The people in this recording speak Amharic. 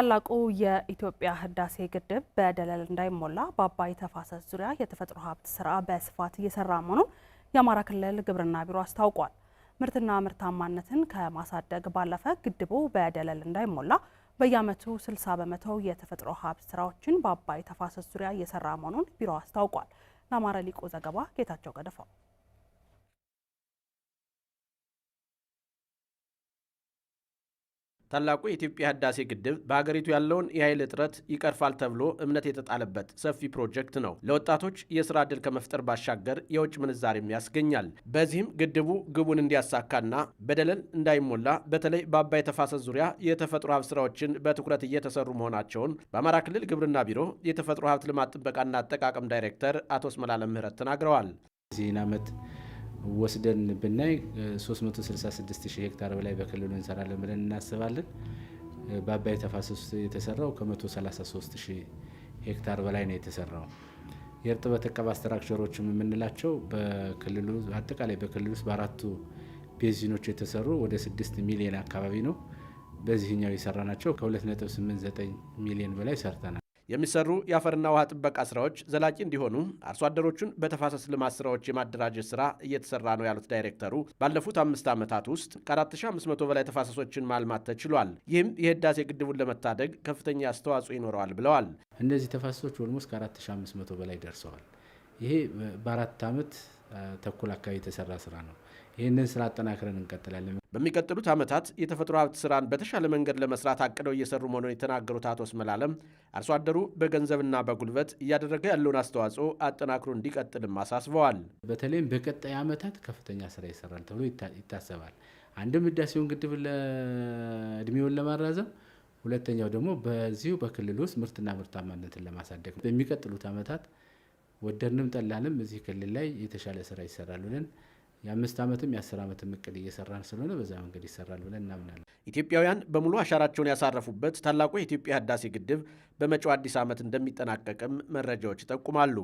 ታላቁ የኢትዮጵያ ህዳሴ ግድብ በደለል እንዳይሞላ በአባይ ተፋሰስ ዙሪያ የተፈጥሮ ሀብት ስራ በስፋት እየሰራ መሆኑን የአማራ ክልል ግብርና ቢሮ አስታውቋል። ምርትና ምርታማነትን ከማሳደግ ባለፈ ግድቡ በደለል እንዳይሞላ በየአመቱ 60 በመቶ የተፈጥሮ ሀብት ስራዎችን በአባይ ተፋሰስ ዙሪያ እየሰራ መሆኑን ቢሮ አስታውቋል። ለአማራ ሊቆ ዘገባ ጌታቸው ገደፋው ታላቁ የኢትዮጵያ ህዳሴ ግድብ በሀገሪቱ ያለውን የኃይል እጥረት ይቀርፋል ተብሎ እምነት የተጣለበት ሰፊ ፕሮጀክት ነው። ለወጣቶች የስራ ዕድል ከመፍጠር ባሻገር የውጭ ምንዛሬም ያስገኛል። በዚህም ግድቡ ግቡን እንዲያሳካና በደለል እንዳይሞላ በተለይ በአባይ ተፋሰስ ዙሪያ የተፈጥሮ ሀብት ስራዎችን በትኩረት እየተሰሩ መሆናቸውን በአማራ ክልል ግብርና ቢሮ የተፈጥሮ ሀብት ልማት ጥበቃና አጠቃቀም ዳይሬክተር አቶ እስመላለም ምህረት ተናግረዋል። ዜና ዓመት ወስደን ብናይ 366 ሺህ ሄክታር በላይ በክልሉ እንሰራለን ብለን እናስባለን። በአባይ ተፋሰስ የተሰራው ከ133 ሺህ ሄክታር በላይ ነው የተሰራው። የእርጥበት እቀባ ስትራክቸሮችም የምንላቸው በክልሉ አጠቃላይ በክልሉ ውስጥ በአራቱ ቤዚኖች የተሰሩ ወደ 6 ሚሊዮን አካባቢ ነው። በዚህኛው የሰራ ናቸው ከ2.89 ሚሊዮን በላይ ሰርተናል። የሚሰሩ የአፈርና ውሃ ጥበቃ ስራዎች ዘላቂ እንዲሆኑ አርሶ አደሮቹን በተፋሰስ ልማት ስራዎች የማደራጀት ስራ እየተሰራ ነው ያሉት ዳይሬክተሩ ባለፉት አምስት ዓመታት ውስጥ ከ4500 በላይ ተፋሰሶችን ማልማት ተችሏል። ይህም የህዳሴ ግድቡን ለመታደግ ከፍተኛ አስተዋጽኦ ይኖረዋል ብለዋል። እነዚህ ተፋሰሶች ኦልሞስ ከ4500 በላይ ደርሰዋል። ይሄ በአራት ዓመት ተኩል አካባቢ የተሰራ ስራ ነው። ይህንን ስራ አጠናክረን እንቀጥላለን። በሚቀጥሉት ዓመታት የተፈጥሮ ሀብት ስራን በተሻለ መንገድ ለመስራት አቅደው እየሰሩ መሆኑን የተናገሩት አቶ ስመላለም አርሶ አደሩ በገንዘብና በጉልበት እያደረገ ያለውን አስተዋጽኦ አጠናክሮ እንዲቀጥልም አሳስበዋል። በተለይም በቀጣይ ዓመታት ከፍተኛ ስራ ይሰራል ተብሎ ይታሰባል። አንድም ህዳሴውን ግድብ እድሜውን ለማራዘም ሁለተኛው ደግሞ በዚሁ በክልል ውስጥ ምርትና ምርታማነትን ለማሳደግ በሚቀጥሉት ዓመታት ወደድንም ጠላንም እዚህ ክልል ላይ የተሻለ ስራ ይሰራል ብለን የአምስት ዓመትም የአስር ዓመትም እቅድ እየሰራን ስለሆነ በዛ መንገድ ይሰራል ብለን እናምናለን። ኢትዮጵያውያን በሙሉ አሻራቸውን ያሳረፉበት ታላቁ የኢትዮጵያ ህዳሴ ግድብ በመጪው አዲስ ዓመት እንደሚጠናቀቅም መረጃዎች ይጠቁማሉ።